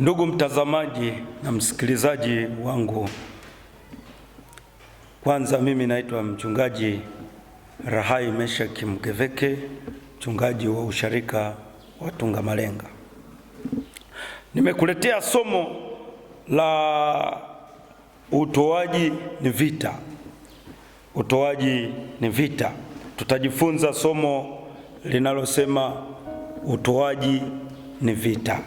Ndugu mtazamaji na msikilizaji wangu, kwanza mimi naitwa mchungaji Rahai Meshaki Mgeveke, mchungaji wa usharika wa tunga malenga Nimekuletea somo la utoaji ni vita. Utoaji ni vita. Tutajifunza somo linalosema utoaji ni vita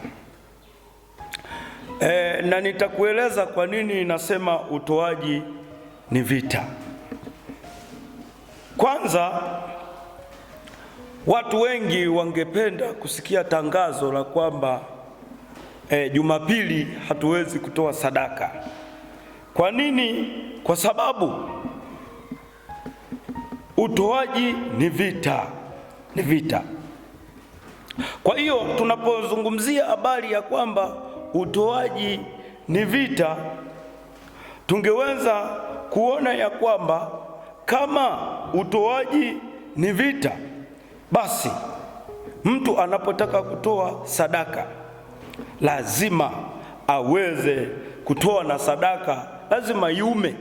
e, na nitakueleza kwa nini nasema utoaji ni vita. Kwanza, watu wengi wangependa kusikia tangazo la kwamba e, Jumapili hatuwezi kutoa sadaka. Kwa nini? Kwa sababu utoaji ni vita, ni vita. Kwa hiyo tunapozungumzia habari ya kwamba utoaji ni vita, tungeweza kuona ya kwamba kama utoaji ni vita, basi mtu anapotaka kutoa sadaka lazima aweze kutoa na sadaka lazima iume.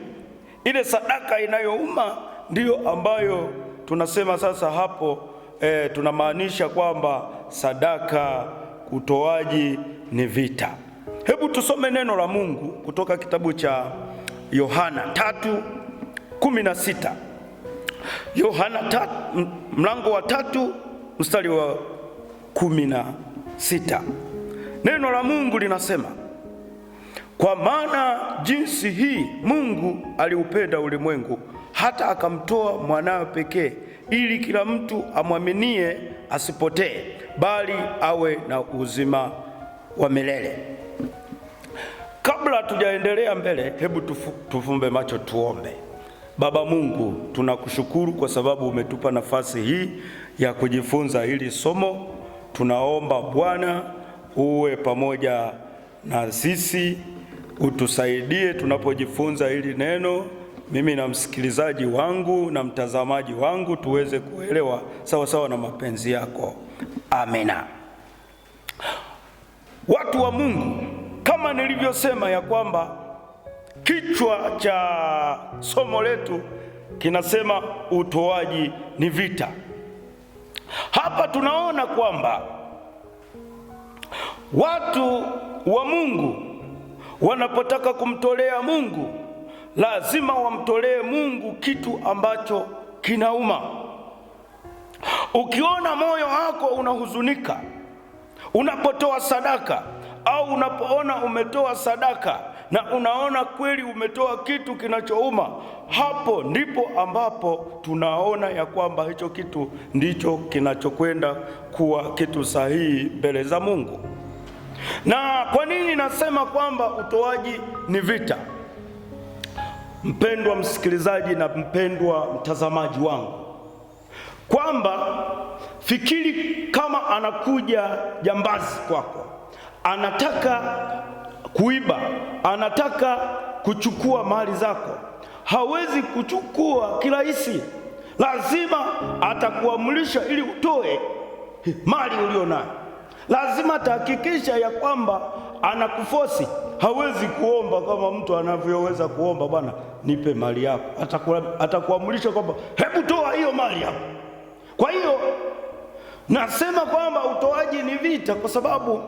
Ile sadaka inayouma ndiyo ambayo tunasema sasa hapo e, tunamaanisha kwamba sadaka, utoaji ni vita. Hebu tusome neno la Mungu kutoka kitabu cha Yohana 3:16. Yohana tatu, mlango wa tatu mstari wa kumi na sita. Neno la Mungu linasema, kwa maana jinsi hii Mungu aliupenda ulimwengu hata akamtoa mwanawe pekee, ili kila mtu amwaminie asipotee, bali awe na uzima wa milele. Kabla tujaendelea mbele, hebu tufu, tufumbe macho tuombe. Baba Mungu, tunakushukuru kwa sababu umetupa nafasi hii ya kujifunza hili somo. Tunaomba Bwana uwe pamoja na sisi, utusaidie tunapojifunza hili neno, mimi na msikilizaji wangu na mtazamaji wangu tuweze kuelewa sawa sawa na mapenzi yako. Amina. Watu wa Mungu kama nilivyosema ya kwamba kichwa cha somo letu kinasema utoaji ni vita. Hapa tunaona kwamba watu wa Mungu wanapotaka kumtolea Mungu lazima wamtolee Mungu kitu ambacho kinauma. Ukiona moyo wako unahuzunika unapotoa sadaka au unapoona umetoa sadaka na unaona kweli umetoa kitu kinachouma, hapo ndipo ambapo tunaona ya kwamba hicho kitu ndicho kinachokwenda kuwa kitu sahihi mbele za Mungu. Na kwa nini nasema kwamba utoaji ni vita? Mpendwa msikilizaji na mpendwa mtazamaji wangu, kwamba fikiri kama anakuja jambazi kwako anataka kuiba, anataka kuchukua mali zako, hawezi kuchukua kirahisi. Lazima atakuamrisha ili utoe mali ulio nayo. Lazima atahakikisha ya kwamba anakufosi. Hawezi kuomba kama mtu anavyoweza kuomba, bwana nipe mali yako. Atakuamrisha kwamba hebu toa hiyo mali yako. Kwa hiyo Nasema kwamba utoaji ni vita kwa sababu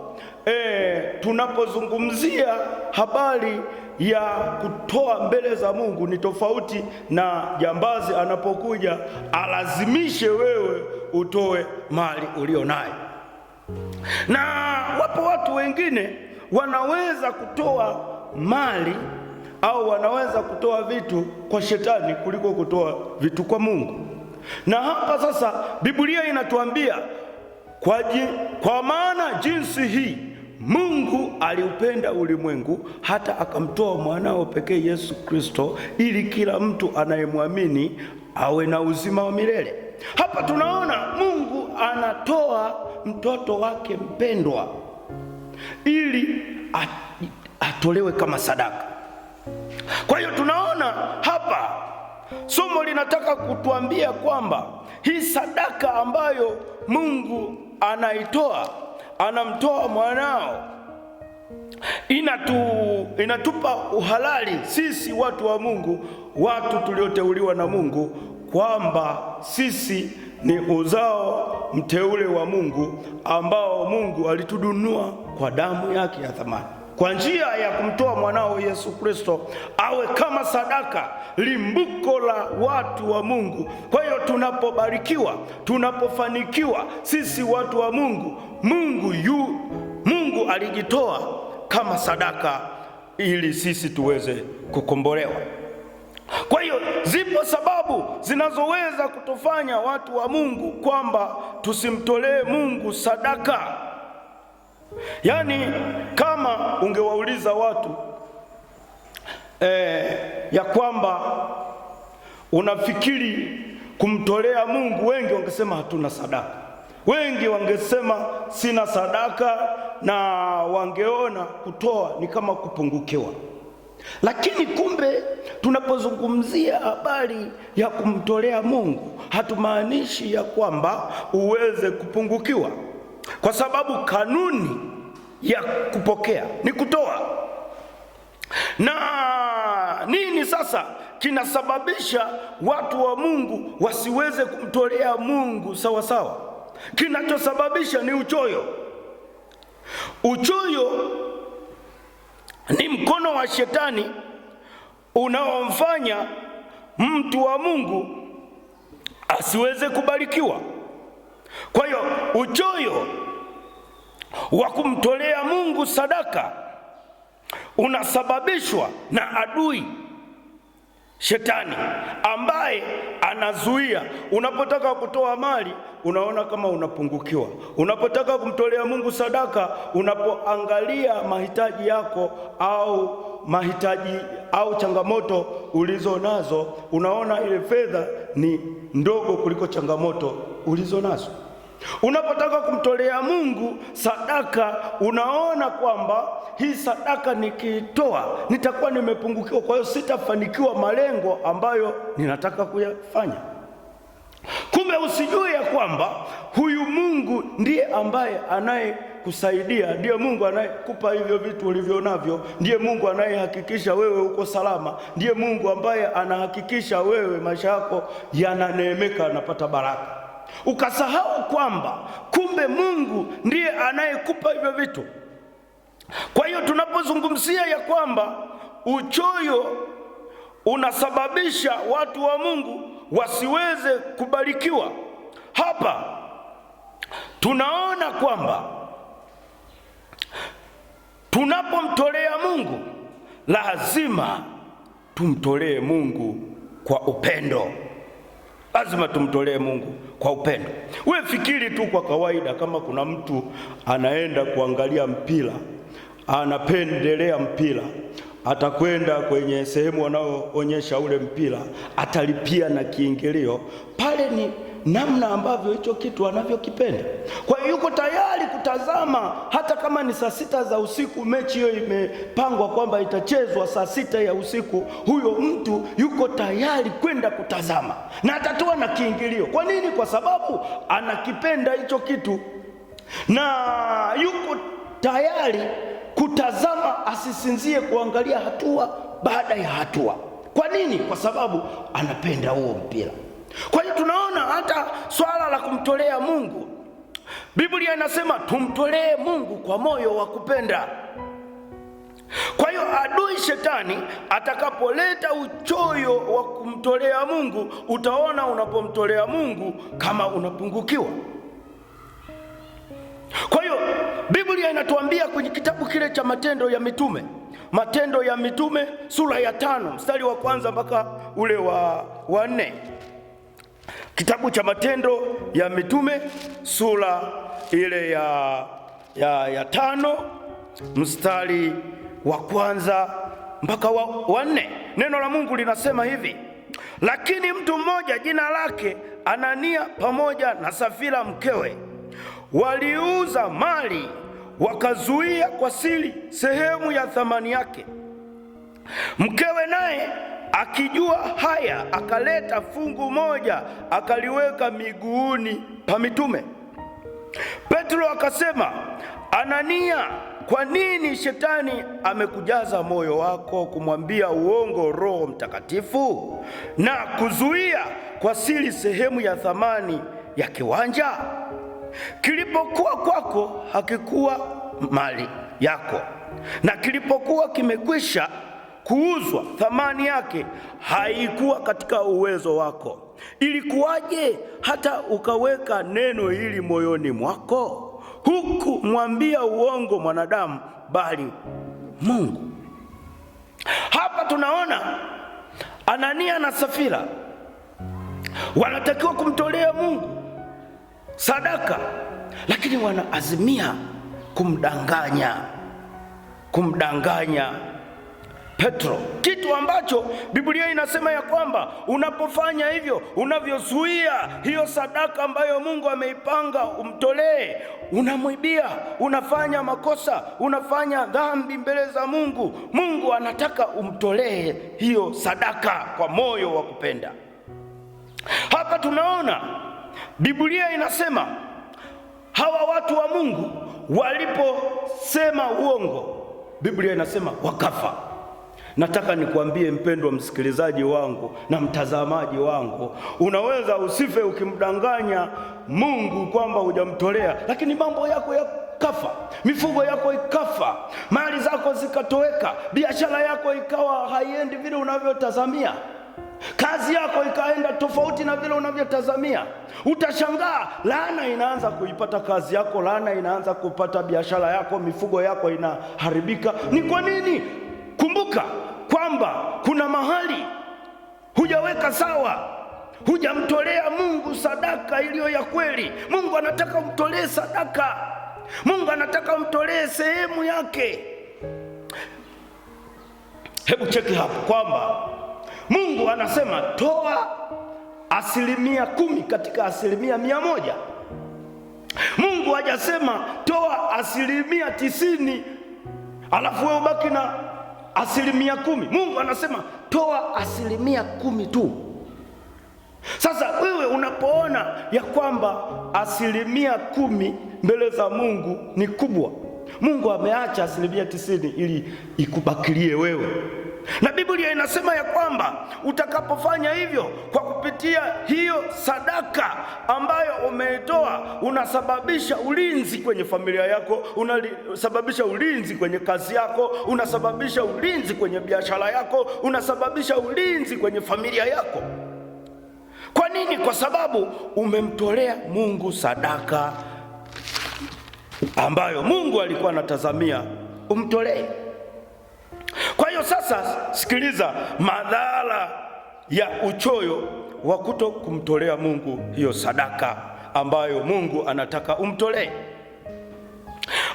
e, tunapozungumzia habari ya kutoa mbele za Mungu ni tofauti na jambazi anapokuja alazimishe wewe utoe mali ulio nayo. Na wapo watu wengine wanaweza kutoa mali au wanaweza kutoa vitu kwa shetani kuliko kutoa vitu kwa Mungu. Na hapa sasa Biblia inatuambia kwa, ji, kwa maana jinsi hii Mungu aliupenda ulimwengu hata akamtoa mwanao pekee Yesu Kristo ili kila mtu anayemwamini awe na uzima wa milele. Hapa tunaona Mungu anatoa mtoto wake mpendwa ili atolewe kama sadaka. Kwa hiyo tunaona hapa somo linataka kutuambia kwamba hii sadaka ambayo Mungu anaitoa, anamtoa mwanao inatu, inatupa uhalali sisi watu wa Mungu, watu tulioteuliwa na Mungu kwamba sisi ni uzao mteule wa Mungu ambao Mungu alitudunua kwa damu yake ya thamani kwa njia ya kumtoa mwanao Yesu Kristo awe kama sadaka, limbuko la watu wa Mungu. Kwa hiyo tunapobarikiwa, tunapofanikiwa sisi watu wa Mungu, Mungu yu Mungu alijitoa kama sadaka ili sisi tuweze kukombolewa. Kwa hiyo zipo sababu zinazoweza kutufanya watu wa Mungu kwamba tusimtolee Mungu sadaka. Yaani kama ungewauliza watu eh, ya kwamba unafikiri kumtolea Mungu, wengi wangesema hatuna sadaka, wengi wangesema sina sadaka, na wangeona kutoa ni kama kupungukiwa. Lakini kumbe tunapozungumzia habari ya kumtolea Mungu hatumaanishi ya kwamba uweze kupungukiwa kwa sababu kanuni ya kupokea ni kutoa. Na nini sasa kinasababisha watu wa Mungu wasiweze kumtolea Mungu sawa sawa? Kinachosababisha ni uchoyo. Uchoyo ni mkono wa shetani unaomfanya mtu wa Mungu asiweze kubarikiwa. Kwa hiyo uchoyo wa kumtolea Mungu sadaka unasababishwa na adui shetani ambaye anazuia. Unapotaka kutoa mali unaona kama unapungukiwa, unapotaka kumtolea Mungu sadaka, unapoangalia mahitaji yako au mahitaji au changamoto ulizo nazo, unaona ile fedha ni ndogo kuliko changamoto ulizo nazo. Unapotaka kumtolea Mungu sadaka, unaona kwamba hii sadaka nikiitoa nitakuwa nimepungukiwa, kwa hiyo sitafanikiwa malengo ambayo ninataka kuyafanya. Kumbe usijue ya kwamba huyu Mungu ndiye ambaye anayekusaidia, ndiye Mungu anayekupa hivyo vitu ulivyo navyo, ndiye Mungu anayehakikisha wewe uko salama, ndiye Mungu ambaye anahakikisha wewe maisha yako yananeemeka, anapata baraka ukasahau kwamba kumbe Mungu ndiye anayekupa hivyo vitu. Kwa hiyo tunapozungumzia ya kwamba uchoyo unasababisha watu wa Mungu wasiweze kubarikiwa, hapa tunaona kwamba tunapomtolea Mungu lazima tumtolee Mungu kwa upendo lazima tumtolee Mungu kwa upendo. We fikiri tu kwa kawaida, kama kuna mtu anaenda kuangalia mpira, anapendelea mpira, atakwenda kwenye sehemu wanaoonyesha ule mpira, atalipia na kiingilio pale, ni namna ambavyo hicho kitu anavyokipenda. Kwa hiyo yuko tayari kutazama hata kama ni saa sita za usiku, mechi hiyo imepangwa kwamba itachezwa saa sita ya usiku, huyo mtu yuko tayari kwenda kutazama na atatoa na kiingilio. Kwa nini? Kwa sababu anakipenda hicho kitu na yuko tayari kutazama, asisinzie kuangalia hatua baada ya hatua. Kwa nini? Kwa sababu anapenda huo mpira. Kwa hiyo tunaona hata swala la kumtolea Mungu, Biblia inasema tumtolee Mungu kwa moyo wa kupenda. Kwa hiyo adui shetani atakapoleta uchoyo wa kumtolea Mungu, utaona unapomtolea Mungu kama unapungukiwa. Kwa hiyo Biblia inatuambia kwenye kitabu kile cha Matendo ya Mitume, Matendo ya Mitume sura ya tano mstari wa kwanza mpaka ule wa nne Kitabu cha Matendo ya Mitume sura ile ya, ya, ya tano mstari wa kwanza mpaka wa, wa nne. Neno la Mungu linasema hivi: lakini mtu mmoja jina lake Anania pamoja na Safira mkewe waliuza mali wakazuia kwa siri sehemu ya thamani yake. Mkewe naye Akijua haya akaleta fungu moja akaliweka miguuni pa mitume. Petro akasema, Anania, kwa nini shetani amekujaza moyo wako kumwambia uongo Roho Mtakatifu na kuzuia kwa siri sehemu ya thamani ya kiwanja? Kilipokuwa kwako hakikuwa mali yako, na kilipokuwa kimekwisha kuuzwa, thamani yake haikuwa katika uwezo wako. Ilikuwaje hata ukaweka neno hili moyoni mwako? Hukumwambia uongo mwanadamu, bali Mungu. Hapa tunaona Anania na Safira wanatakiwa kumtolea Mungu sadaka, lakini wanaazimia kumdanganya, kumdanganya Petro, kitu ambacho Biblia inasema ya kwamba unapofanya hivyo, unavyozuia hiyo sadaka ambayo Mungu ameipanga umtolee, unamwibia, unafanya makosa, unafanya dhambi mbele za Mungu. Mungu anataka umtolee hiyo sadaka kwa moyo wa kupenda. Hapa tunaona Biblia inasema hawa watu wa Mungu waliposema uongo, Biblia inasema wakafa. Nataka nikuambie mpendwa msikilizaji wangu na mtazamaji wangu, unaweza usife ukimdanganya Mungu kwamba hujamtolea, lakini mambo yako ya kafa, mifugo yako ikafa, mali zako zikatoweka, biashara yako ikawa haiendi vile unavyotazamia kazi yako ikaenda tofauti na vile unavyotazamia. Utashangaa, laana inaanza kuipata kazi yako, laana inaanza kupata biashara yako, mifugo yako inaharibika. Ni kwa nini? kumbuka kwamba kuna mahali hujaweka sawa, hujamtolea Mungu sadaka iliyo ya kweli. Mungu anataka umtolee sadaka, Mungu anataka umtolee sehemu yake. Hebu cheki hapo kwamba Mungu anasema toa asilimia kumi katika asilimia mia moja. Mungu hajasema toa asilimia tisini alafu wewe ubaki na asilimia kumi. Mungu anasema toa asilimia kumi tu. Sasa wewe unapoona ya kwamba asilimia kumi mbele za Mungu ni kubwa, Mungu ameacha asilimia tisini ili ikubakilie wewe na Biblia inasema ya kwamba utakapofanya hivyo kwa kupitia hiyo sadaka ambayo umeitoa, unasababisha ulinzi kwenye familia yako, unasababisha ulinzi kwenye kazi yako, unasababisha ulinzi kwenye biashara yako, unasababisha ulinzi kwenye familia yako. Kwa nini? Kwa sababu umemtolea Mungu sadaka ambayo Mungu alikuwa anatazamia umtolee. Kwa hiyo sasa, sikiliza madhara ya uchoyo wa kuto kumtolea Mungu hiyo sadaka ambayo Mungu anataka umtolee.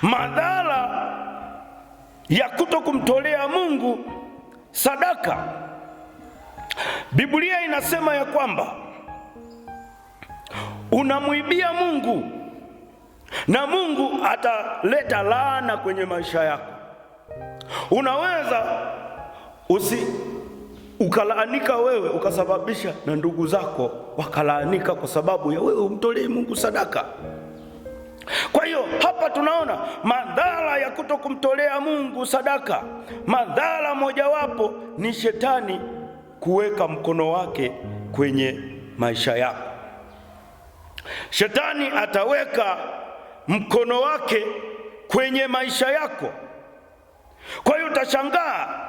Madhara ya kuto kumtolea Mungu sadaka, Biblia inasema ya kwamba unamwibia Mungu na Mungu ataleta laana kwenye maisha yako. Unaweza usi ukalaanika wewe ukasababisha na ndugu zako wakalaanika kwa sababu ya wewe umtolee Mungu sadaka. Kwa hiyo hapa tunaona madhara ya kuto kumtolea Mungu sadaka. Madhara mojawapo ni shetani kuweka mkono wake kwenye maisha yako. Shetani ataweka mkono wake kwenye maisha yako kwa hiyo utashangaa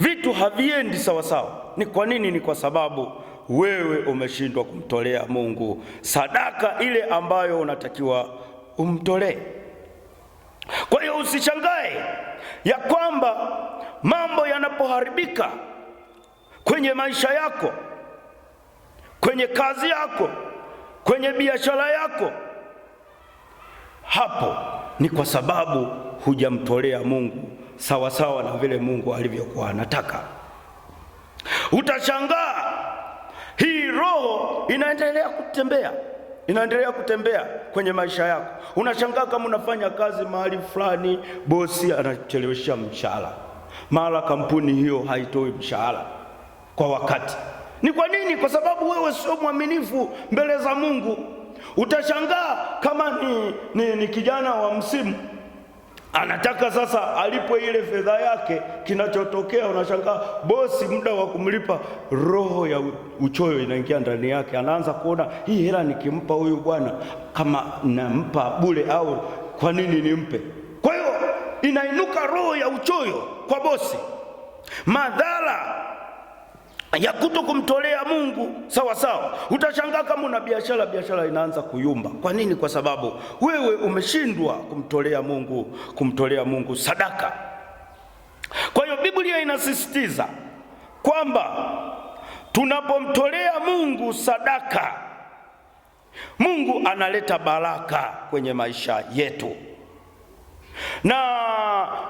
vitu haviendi sawasawa. Ni kwa nini? Ni kwa sababu wewe umeshindwa kumtolea Mungu sadaka ile ambayo unatakiwa umtolee. Kwa hiyo usishangae ya kwamba mambo yanapoharibika kwenye maisha yako, kwenye kazi yako, kwenye biashara yako, hapo ni kwa sababu hujamtolea Mungu sawasawa na vile Mungu alivyokuwa anataka. Utashangaa hii roho inaendelea kutembea, inaendelea kutembea kwenye maisha yako. Unashangaa kama unafanya kazi mahali fulani, bosi anachelewesha mshahara, mara kampuni hiyo haitoi mshahara kwa wakati. Ni kwa nini? Kwa sababu wewe sio mwaminifu mbele za Mungu. Utashangaa kama ni, ni, ni kijana wa msimu anataka sasa alipwe ile fedha yake. Kinachotokea unashangaa bosi, muda wa kumlipa, roho ya uchoyo inaingia ndani yake, anaanza kuona hii hela nikimpa huyu bwana kama nampa bure, au kwa nini nimpe? Kwa hiyo inainuka roho ya uchoyo kwa bosi, madhara ya kuto kumtolea Mungu sawa sawa, utashangaa kama una biashara, biashara inaanza kuyumba. Kwa nini? Kwa sababu wewe umeshindwa kumtolea Mungu, kumtolea Mungu sadaka. Kwa hiyo Biblia inasisitiza kwamba tunapomtolea Mungu sadaka, Mungu analeta baraka kwenye maisha yetu, na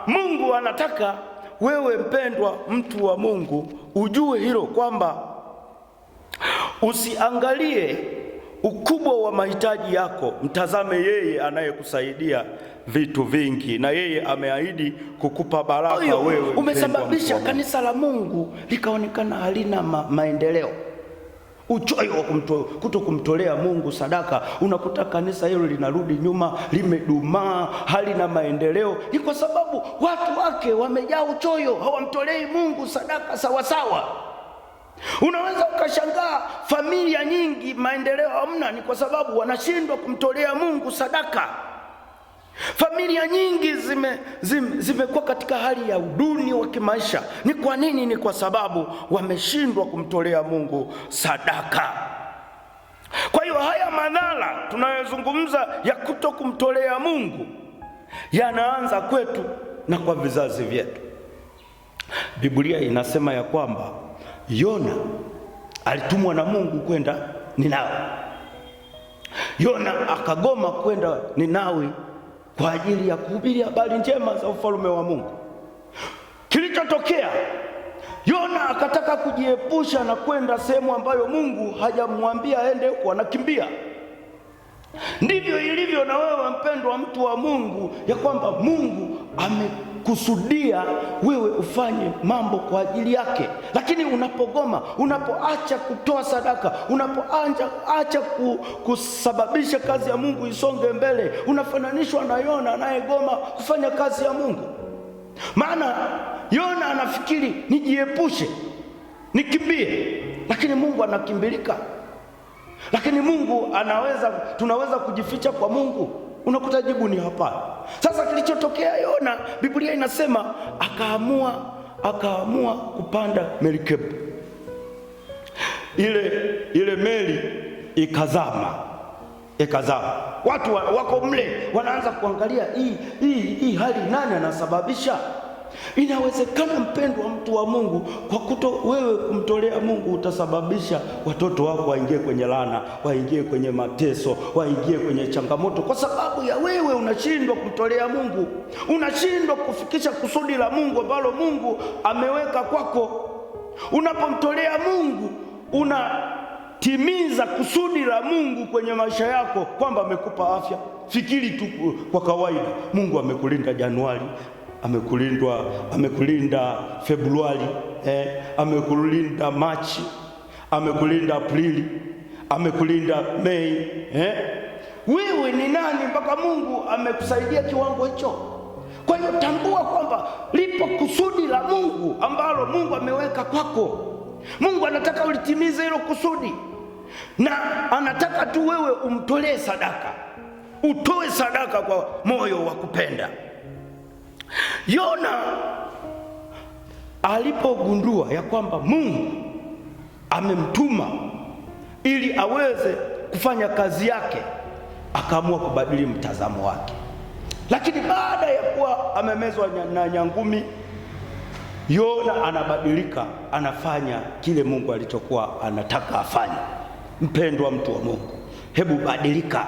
Mungu anataka wewe mpendwa mtu wa Mungu ujue hilo kwamba usiangalie ukubwa wa mahitaji yako, mtazame yeye anayekusaidia vitu vingi, na yeye ameahidi kukupa baraka. Wewe umesababisha kanisa la Mungu likaonekana halina ma maendeleo uchoyo wa kuto kumtolea Mungu sadaka, unakuta kanisa hilo linarudi nyuma, limedumaa, halina maendeleo. Ni kwa sababu watu wake wamejaa uchoyo, hawamtolei Mungu sadaka sawasawa. Unaweza ukashangaa familia nyingi maendeleo hamna, ni kwa sababu wanashindwa kumtolea Mungu sadaka. Familia nyingi zimekuwa zime katika hali ya uduni wa kimaisha. Ni kwa nini? Ni kwa sababu wameshindwa kumtolea Mungu sadaka. Kwa hiyo haya madhara tunayozungumza ya kuto kumtolea Mungu yanaanza kwetu na kwa vizazi vyetu. Biblia inasema ya kwamba Yona alitumwa na Mungu kwenda Ninawi. Yona akagoma kwenda Ninawi kwa ajili ya kuhubiri habari njema za ufalme wa Mungu. Kilichotokea, Yona akataka kujiepusha na kwenda sehemu ambayo Mungu hajamwambia aende huko, anakimbia. Ndivyo ilivyo na wewe mpendwa, mtu wa Mungu, ya kwamba Mungu ame alikusudia wewe ufanye mambo kwa ajili yake. Lakini unapogoma, unapoacha kutoa sadaka, unapoacha kusababisha kazi ya Mungu isonge mbele, unafananishwa na Yona anayegoma kufanya kazi ya Mungu. Maana Yona anafikiri nijiepushe, nikimbie, lakini Mungu anakimbilika. Lakini Mungu anaweza, tunaweza kujificha kwa Mungu unakuta jibu ni hapana. Sasa kilichotokea Yona, Biblia inasema akaamua, akaamua kupanda merikebu ile, ile meli ikazama, ikazama. Watu wako mle wanaanza kuangalia hii hii hii hali, nani anasababisha Inawezekana mpendwa, mtu wa Mungu, kwa kuto wewe kumtolea Mungu utasababisha watoto wako waingie kwenye laana, waingie kwenye mateso, waingie kwenye changamoto, kwa sababu ya wewe unashindwa kumtolea Mungu, unashindwa kufikisha kusudi la Mungu ambalo Mungu ameweka kwako. Unapomtolea Mungu unatimiza kusudi la Mungu kwenye maisha yako, kwamba amekupa afya. Fikiri tu kwa kawaida, Mungu amekulinda Januari, amekulindwa, amekulinda Februari eh, amekulinda Machi, amekulinda Aprili, amekulinda Mei eh. Wewe ni nani mpaka Mungu amekusaidia kiwango hicho? Kwa hiyo tambua kwamba lipo kusudi la Mungu ambalo Mungu ameweka kwako. Mungu anataka ulitimize hilo kusudi, na anataka tu wewe umtolee sadaka, utoe sadaka kwa moyo wa kupenda. Yona alipogundua ya kwamba Mungu amemtuma ili aweze kufanya kazi yake, akaamua kubadili mtazamo wake. Lakini baada ya kuwa amemezwa na nyangumi, Yona anabadilika, anafanya kile Mungu alichokuwa anataka afanye. Mpendwa mtu wa Mungu, hebu badilika,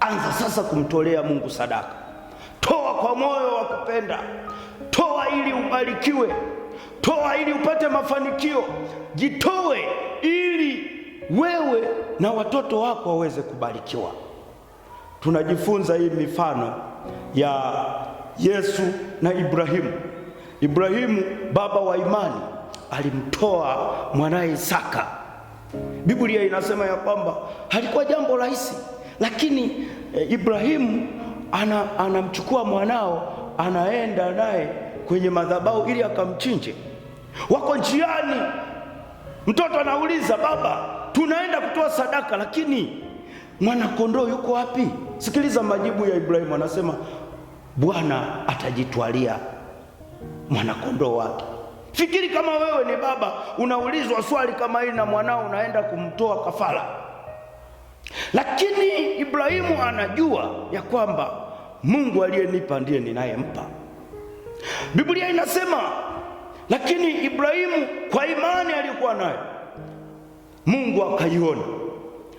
anza sasa kumtolea Mungu sadaka, toa kwa moyo wa kupenda ili ubarikiwe, toa ili upate mafanikio, jitoe ili wewe na watoto wako waweze kubarikiwa. Tunajifunza hii mifano ya Yesu na Ibrahimu. Ibrahimu baba wa imani alimtoa mwanaye Isaka. Biblia inasema ya kwamba halikuwa jambo rahisi, lakini e, Ibrahimu ana, anamchukua mwanao anaenda naye kwenye madhabahu ili akamchinje. Wako njiani, mtoto anauliza baba, tunaenda kutoa sadaka, lakini mwanakondoo yuko wapi? Sikiliza majibu ya Ibrahimu, anasema Bwana atajitwalia mwanakondoo wake. Fikiri kama wewe ni baba, unaulizwa swali kama hili na mwanao unaenda kumtoa kafara, lakini Ibrahimu anajua ya kwamba Mungu aliyenipa ndiye ninayempa. Biblia inasema lakini Ibrahimu kwa imani aliyokuwa nayo Mungu akaiona,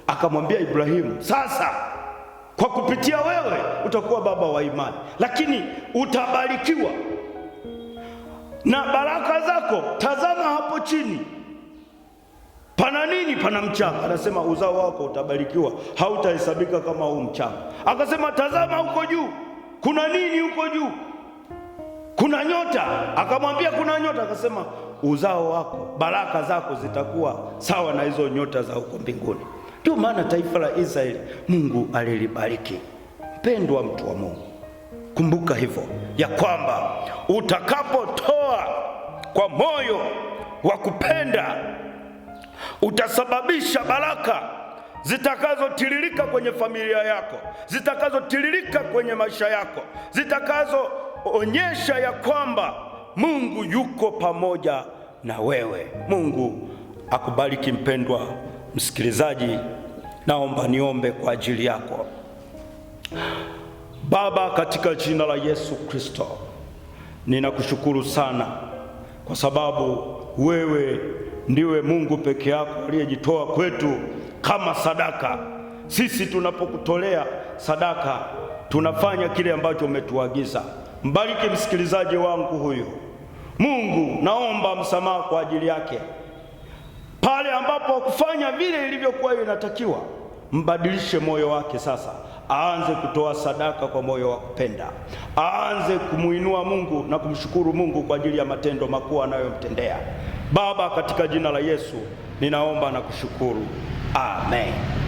akamwambia Ibrahimu, sasa kwa kupitia wewe utakuwa baba wa imani, lakini utabarikiwa na baraka zako. Tazama hapo chini pana nini? Pana mchanga. Anasema uzao wako utabarikiwa, hautahesabika kama huu mchanga. Akasema tazama huko juu, kuna nini huko juu? kuna nyota, akamwambia kuna nyota, akasema uzao wako baraka zako zitakuwa sawa na hizo nyota za huko mbinguni. Ndio maana taifa la Israeli Mungu alilibariki. Mpendwa mtu wa Mungu, kumbuka hivyo ya kwamba utakapotoa kwa moyo wa kupenda utasababisha baraka zitakazotiririka kwenye familia yako, zitakazotiririka kwenye maisha yako, zitakazo onyesha ya kwamba Mungu yuko pamoja na wewe. Mungu akubariki mpendwa msikilizaji, naomba niombe kwa ajili yako. Baba, katika jina la Yesu Kristo, ninakushukuru sana kwa sababu wewe ndiwe Mungu peke yako aliyejitoa kwetu kama sadaka. Sisi tunapokutolea sadaka tunafanya kile ambacho umetuagiza. Mbariki msikilizaji wangu huyu. Mungu, naomba msamaha kwa ajili yake pale ambapo kufanya vile ilivyokuwa inatakiwa. Mbadilishe moyo wake sasa, aanze kutoa sadaka kwa moyo wa kupenda, aanze kumwinua Mungu na kumshukuru Mungu kwa ajili ya matendo makuu anayomtendea. Baba, katika jina la Yesu ninaomba na kushukuru, amen.